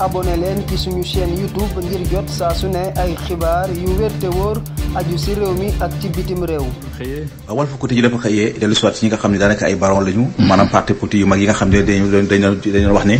abonné leen ci suñu chaîne YouTube ngir jot saa su ne ay xibaar yu wér te wóor aju si réew mi ak ci bitim réew. Walf Quotidien dafa xëyee dellu si waat si ñi nga xam ne daanaka ay baron lañu. Mm-hmm. maanaam parti politique yu mag yi nga xam ne dañu dañu dañu wax ne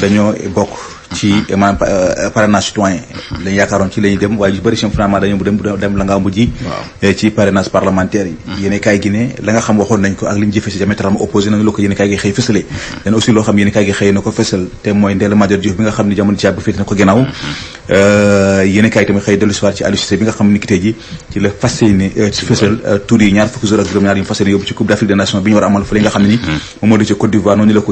dañoo bokk. ci maanaam euh, parrainage lañu yaakaaroon ci la dem waaye ñu bëri dañu dem dem la nga mujj euh, ci parrainage parlementaire yi mm-hmm. yéen gi ne la nga xam waxoon nañ ko ak li jëfe si diamétralement opposé noonu la ko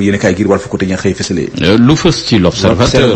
yéen gi wàl fa côté ña xëy fësale euh, lu fës ci l'observateur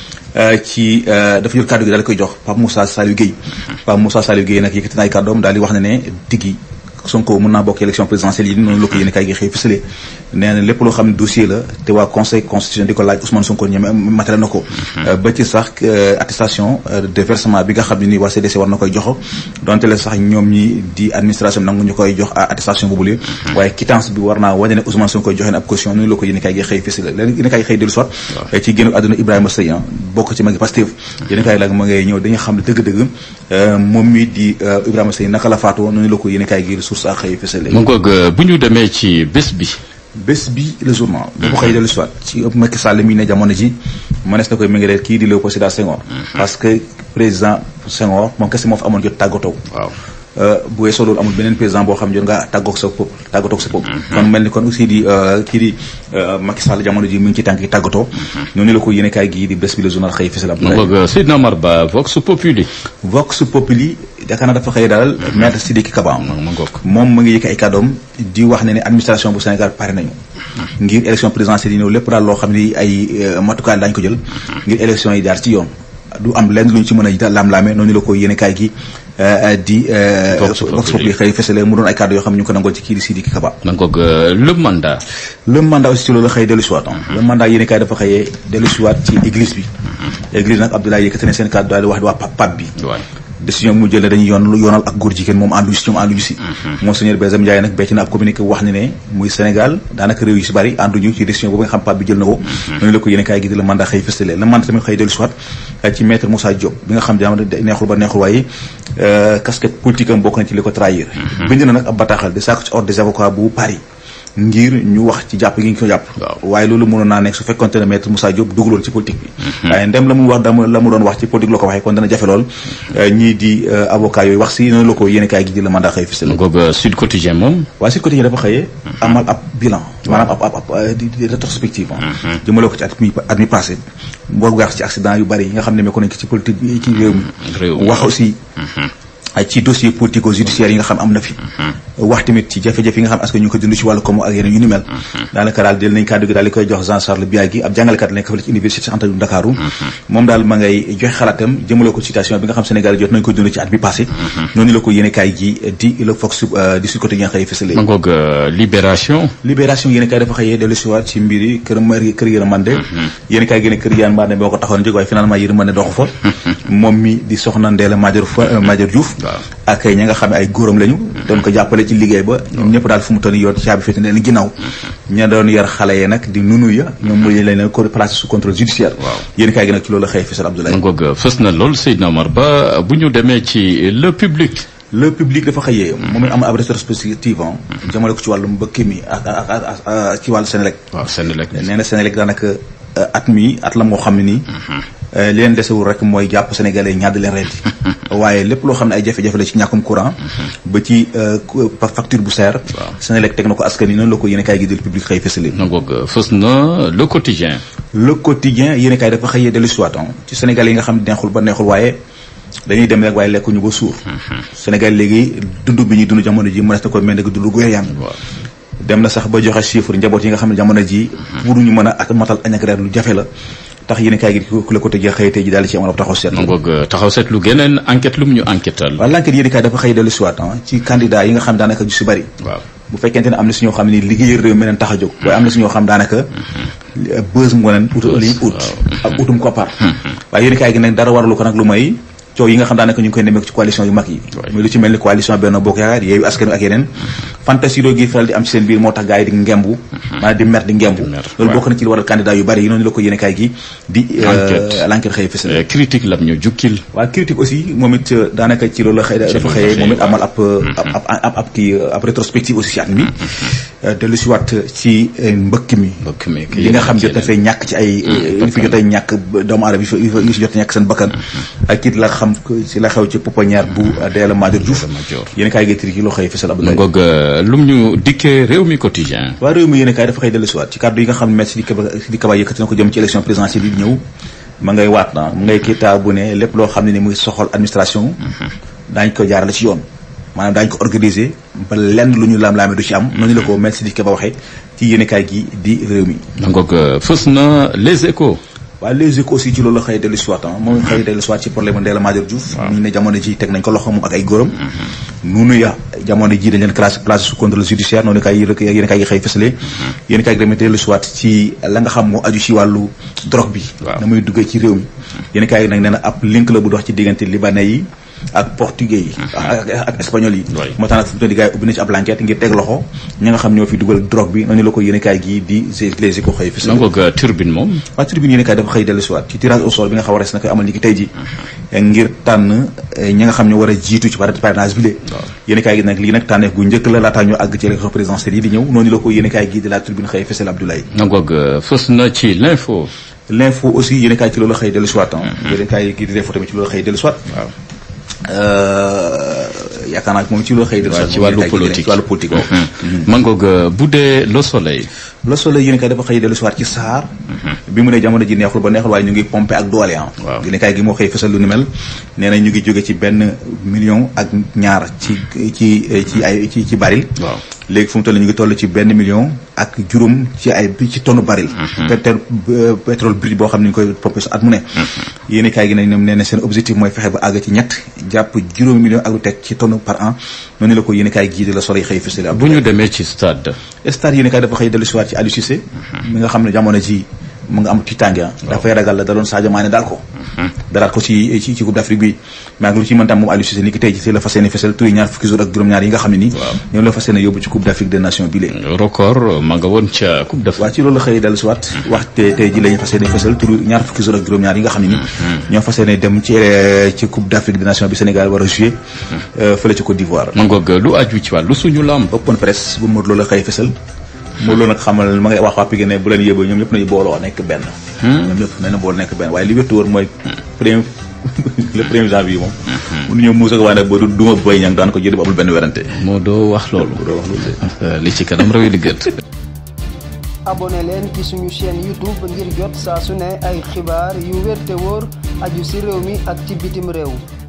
Euh, ci euh, dafa jël kàddu gi daal koy jox pam Moussa Saliou Guèye Pape Moussa Saliou Guèye nag yëkkati na ay kàddoom daal di wax na ne diggi Sonko mën naa bokk élection présidentielle noonu la ko yéen gi xëy fësale nee lépp loo xam ne dossier la te waa conseil constitution di ko laaj Ousmane Sonko ñeme ko mhm. euh, ba sax euh, attestation euh, de versement bi nga xam ne nii waa CDC war na koy joxo donte la sax ñoom ñi di administration ñu koy jox attestation boobule mhm. waaye quittance bi war na ab caution noonu la ko yéen kay gi xëy fësale léegi soit ci génn àdduna Ibrahima Seye ah, bokk ci magi Pastef mhm. yéen kay laag ma ngay ñëw dañu xam dëgg-dëgg moom mi di Ibrahima Seye naka la faatoo noonu la ko yéen gi source à xëy mu ngoog euh, bu ñu demee ci bés bi bés bi le journal mhm. dafa xëy dellu siwaat ci ëpp Macky Sall mi ne jamono ji mënees na koy méngaleel kii di Léopold Sédar Senghor mhm. parce que président Senghor moom kese moo fi amoon jot tàggatoo waaw Euh, bu weesoo loolu amul beneen président boo xam ne jot nga tàggoog sa pop tàggatoog sa peuple mhm. kon mel ni kon aussi di euh, kii di euh, Macky Sall jamono ji mu ngi ci tànk yi tàggatoo mhm. noonu la ko yéene kaay gii di bés bi le journal xëy fësal Abdoulaye Seydina Omar Ba Vox Populi Vox Populi yaakaar naa dafa xëy daal mhm. maître Sidiki Kaba moom mu ngi yëkk ay kàddoom di wax ne ne administration bu Sénégal pare nañu ngir élection présidentielle yi ñëw lépp daal loo xam ne ay matukaay daañu ko jël ngir élection yi jaar ci yoon du am lenn lu ñu ci mën a jita laam-laame noonu la ko yéenekaay gi euh, di euh, vox populi xëy fesale mu doon ay kàddu yoo xam ne ñu ko nangoon ci kii di Sidiki Kaba nangoog euh, le mandat le mandat aussi ci loolu xëy dellu siwaat mm-hmm. le mandat yéenekaay dafa xëyee dellu siwaat ci église bi mm-hmm. église nag Abdoulaye yëkkati na seen kàddu daal di wax di pap bi décision mu jëlee dañuy yoon yoonal ak góor jigéen moom ànduñu si ñoom ànduñu si mhm. monseigneur Bézam nag becc na ab communiqué wax ni ne muy Sénégal daanaka réew yu si bari ànduñu ci décision boobu nga xam pape bi jël na ko mhm. noonu la ko yéen kaay gi la mandat xëy fëstale la mandat tamit xëy dellu soit euh, ci maître Moussa Diop bi nga xam neexul ba neexul waaye euh, casquette politique bokk na ci li ko trahir mhm. bind na nag ab bataaxal di sàkku ci ordre des ngir ñu wax ci jàpp gi ñu ko jàpp waaye loolu mënoon naa nekk su fekkonte ne maître Moussa Diop dugaloon ci politique bi mhm. waaye ndem la mu wax dama la doon wax ci politique la ko waxee mhm. euh, euh, yooyu wax la ko yéen kaay gi di la mandat xëy fis la euh, Sud Quotidien moom ko ci at mi at mi passé boo gaar accident yu bari nga xam ne mee ko nañ ko ci politique bi mhm. wax aussi ci dossier politico judiciaire yi nga xam am na fi mm-hmm. wax tamit ci jafe-jafe yi nga xam askan ñu ngi ko dund ci wàllu komo ak yeneen yu ni mel mm-hmm. daanaka daal jël nañ kàddu gi daal di koy jox Jean Charles mm-hmm. xalaatam jëmale ko bi nga xam Sénégal jot nañ ko dund ci at bi passé noonu la ko yéene kaay gi di le Fox euh, di Sud Quotidien xëy fësale ma ngoog euh, libération libération yéene kaay dafa xëyee dellu si waat ci mbir yi kër kër yërmande yéene kaay gi ne kër yërmande boo ko taxoon waaw ak ñi nga xam ne ay góoram lañu. Mm-hmm. doon jàppale ci liggéey ba ñoom ñëpp daal fu mu toll yoon caabi féete leen ginnaaw mm-hmm. ña doon yar xale yi nag di nunu ya ñoom mujj mm-hmm. lañ leen ko placé sous contrôle judiciaire yéen kaay ci loolu xëy Faisal Abdoulaye na lool Seydina Omar ba bu ñu demee ci le public le public dafa xëyee moom it am ab rétrospective jëmale ko ci wàllum mbëkk mi ak ak ci wàllu Sénélec waaw Sénélec nee na Sénélec daanaka Euh, at mi at la moo xam ne nii. Mhm. Euh, li leen desewul rek mooy jàpp sénégalais ñaar di waaye lépp loo xam ne ay jafe-jafe la ci ñàkkum courant. Mhm. ba ci euh, facture bu seer. waaw Sénélec teg na ko askan wi noonu la ko yéen kaay gi del public xëy fësale. na ngoog fës na le quotidien. le quotidien yéen kaay dafa xëyee dellu si waatoon ci sénégalais yi nga xam ne neexul ba neexul waaye. dañuy dem rek waaye lekkuñu ba suur. Mhm. Sénégal léegi dund bi ñu dund jamono ji mënees na ko mel ne dund gu yàlla dem na sax ba joxe chiffre njaboot yi nga xam ne jamono ji mhm. pour ñu mën a ak matal añ ak reer lu jafe la tax yéen kaay gi ku la ko tëjee a tey ji daal ci amoon ab ah, si bari waaw bu fekkente ne am na si ñoo xam ne liggéeyal réew meneen tax a jóg waaye am ne si ñoo xam daanaka bës mu ngoneen ut ut ak utum koppar mhm. waaye yéen kaay gi nag dara waralu ko nag lu may coow yi nga xam daanaka ñu ngi koy nemmeeku ci coalition yu mag yi mais lu ci mel ni coalition Benno Bokk Yaakaar Yewwi Askan Wi ak yeneen mm-hmm. fantasi gi faral di am ci seen biir moo tax gars yi di ngembu mm-hmm. maanaam di mer di ngembu loolu bokk na ci li waral candidat yu bari yi noonu la ko yéene kaay gi di euh, l'enquête xëy fësal euh, critique lam ñu jukkil waaw critique aussi moom it euh, daanaka ci loolu la xëy dafa xëyee moom it amal ab mm-hmm. ab ab kii rétrospective aussi ci at mi Euh, dellu si ci euh, mbëkk mi. mbëkk mi li nga xam jot na ñàkk ci ay. li fi jot ay ñàkk doomu aadama yi fi jot a ñàkk seen bakkan. Mm-hmm. ak it la xam ci la xew ci pouponnière bu Ndella mm-hmm. Madior Diouf. yéen a kaay ngay tiri ci loxo yi fësal Abdoulaye. ngoog euh, lum ñu dikkee réew mi quotidien. waaw réew mi yéen kaay dafa xëy dellu si ci kàddu yi nga xam ne Maître Sidiki Kaba yëkkati na ko jëm ci élection présidentielle yi ñëw. ma ngay waat na mu ngay kitaabu ne lépp loo xam ne ni muy soxal administration. Mm-hmm. daañ ko jaarale ci yoon maanaam daañu ko organiser ba lenn lu ñu laam-laame du ci am. noonu la ko mel mm-hmm. si dikk ba waxee ci yéenekaay gi di réew mi. donc euh, la xëy dellu si waat ah. moom xëy dellu si waat ci problème mu Ndella Madior Diouf. waaw ñu ne jamono ji teg nañ ko loxo moom ak ay góoram. noonu mm-hmm. ya jamono ji dañ leen classe classe sous contrôle judiciaire noonu kay yéenekaay gi xëy fësale. Mm-hmm. yéenekaay gi tamit dellu si waat ci la nga xam moo aju ci wàllu drogue bi. waaw na ci réew mi. yéenekaay nag nee na ab link la bu dox ci diggante libanais yi ak portugais yi ah. ak espagnol yi moo tax nag fu mu toll nii gars yi ubbi na ci ab lankeet ngir teg loxo ñi nga xam ñoo fi dugal drogue bi noonu la ko yéen kaay gii di les échos xëy fi donc euh, turbine moom waaw turbine yéen kaay dafa xëy dellu si waat ci tirage au sort bi nga xam war na koy amal ni ki tey ji ah. ngir tànn eh, ñi nga xam ñoo war a jiitu ci parrainage bi lee yéen kaay gi nag lii nag tànneef gu njëkk la laataa ñoo àgg ci élection présidentielle yi di ñëw noonu la ko yéen kaay gii di la turbine xëy fesal Abdoulaye euh, fës na ci l'info l'info aussi yéen kaay ci loolu xëy dellu si waat mm-hmm. yéen kaay gii di l'info tamit ci loolu xëy dellu si waat waaw Euh, yaakaar naa moom ci loo xëy. waaw ci wàllu politique ci wàllu politique boobu. Mangog bu dee Le Soleil. Le Soleil yéen kay dafa xëy dellu si waat ci saar. Mm-hmm. bi mu ne jamono ji neexul ba neexul waaye ñu ngi pompé ak doole ah. waaw yéen gi moo xëy fësal lu ni mel nee na ñu ngi jóge ci benn million ak ñaar ci ci ci ay ci ci baril. léegi fu mu toll ngi toll ci benn million ak juróom ci ay ci ton baril. Mhm. pétrole brut boo xam ne ñu koy pompé at mu ne. Mhm. yéen kaay gi nañ ne ne seen objectif mooy fexe ba àgg ci ñett jàpp juróom million ak lu teg ci tonne par an noonu la ko yéen kaay gii de la soleil xëy fësale. bu ñu demee ci stade. stade yéen kaay dafa xëy dellu si ci Aliou Cissé. Mhm. mi nga xam ne jamono ji mu nga am tiitaange ah dafay ragal la daloon Sadio Mané daal ko mhm. dalaat ko ci ci ci d'Afrique bi mais lu ci mën tam moom Aliou Cissé ni ki tey ci la fas yéene fesal tuy ñaar fukki jour ak juróom-ñaar yi nga xam ne nii ñoom la fas ci Coupe d'Afrique des Nations bi léegi record ma nga woon ca Coupe d'Afrique waaw ci loolu xëy dellu waat mhm. wax te tey ji la ñu fas yéene fesal mhm. ci eh, ci Coupe d'Afrique des Nations bi Sénégal war a jouer euh, fële ci Côte lu suñu lamb open Modou Lo nag xamal ma ngay wax waa Pikine ne bu leen yëboo ñoom ñëpp nañu booloo nekk benn hmm? nekk benn waaye li wéttu woon mooy premier le premier janvier moom hmm. mënu ñëw muus ak waaye nag boo du duma bay ñang daan ko jël bu amul benn werante moo doo wax loolu doo euh, li ci kanam rawe di gët abonné leen ci suñu chaîne youtube ngir jot saa su ne ay xibaar yu wér te wóor aju si réew mi ak ci bitim réew